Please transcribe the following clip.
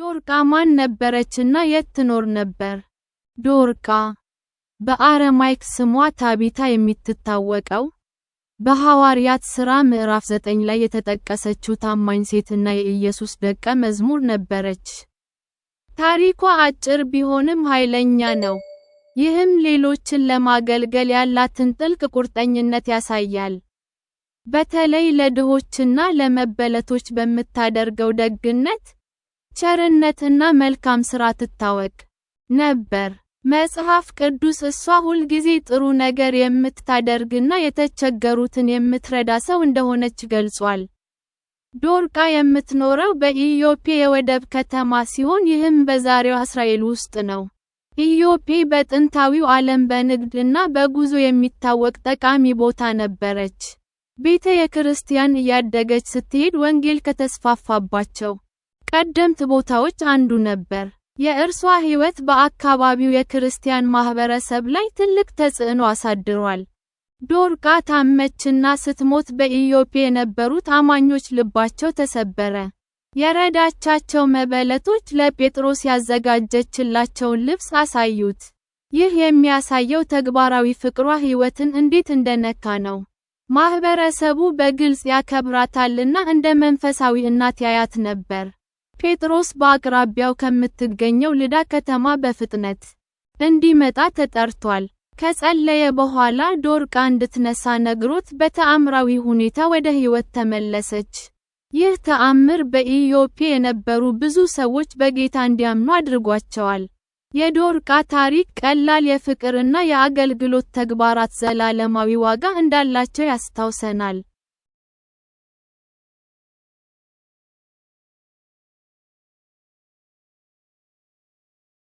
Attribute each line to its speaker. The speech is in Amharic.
Speaker 1: ዶርቃ ማን ነበረችና የት ትኖር ነበር? ዶርቃ በአረማይክ ስሟ ታቢታ የምትታወቀው በሐዋርያት ሥራ ምዕራፍ 9 ላይ የተጠቀሰችው ታማኝ ሴትና የኢየሱስ ደቀ መዝሙር ነበረች። ታሪኳ አጭር ቢሆንም ኃይለኛ ነው። ይህም ሌሎችን ለማገልገል ያላትን ጥልቅ ቁርጠኝነት ያሳያል። በተለይ ለድሆችና ለመበለቶች በምታደርገው ደግነት ቸርነትና መልካም ሥራ ትታወቅ ነበር። መጽሐፍ ቅዱስ እሷ ሁልጊዜ ጥሩ ነገር የምታደርግና የተቸገሩትን የምትረዳ ሰው እንደሆነች ገልጿል። ዶርቃ የምትኖረው በኢዮጴ የወደብ ከተማ ሲሆን ይህም በዛሬው እስራኤል ውስጥ ነው። ኢዮጴ በጥንታዊው ዓለም በንግድ እና በጉዞ የሚታወቅ ጠቃሚ ቦታ ነበረች። ቤተ የክርስቲያን እያደገች ስትሄድ ወንጌል ከተስፋፋባቸው ቀደምት ቦታዎች አንዱ ነበር። የእርሷ ሕይወት በአካባቢው የክርስቲያን ማኅበረሰብ ላይ ትልቅ ተጽዕኖ አሳድሯል። ዶርቃ ታመችና ስትሞት በኢዮጴ የነበሩት አማኞች ልባቸው ተሰበረ። የረዳቻቸው መበለቶች ለጴጥሮስ ያዘጋጀችላቸውን ልብስ አሳዩት። ይህ የሚያሳየው ተግባራዊ ፍቅሯ ሕይወትን እንዴት እንደነካ ነው። ማኅበረሰቡ በግልጽ ያከብራታልና እንደ መንፈሳዊ እናት ያያት ነበር። ጴጥሮስ በአቅራቢያው ከምትገኘው ልዳ ከተማ በፍጥነት እንዲመጣ ተጠርቷል። ከጸለየ በኋላ ዶርቃ እንድትነሳ ነግሮት በተአምራዊ ሁኔታ ወደ ሕይወት ተመለሰች። ይህ ተአምር በኢዮጴ የነበሩ ብዙ ሰዎች በጌታ እንዲያምኑ አድርጓቸዋል። የዶርቃ ታሪክ ቀላል የፍቅርና የአገልግሎት ተግባራት ዘላለማዊ ዋጋ እንዳላቸው ያስታውሰናል።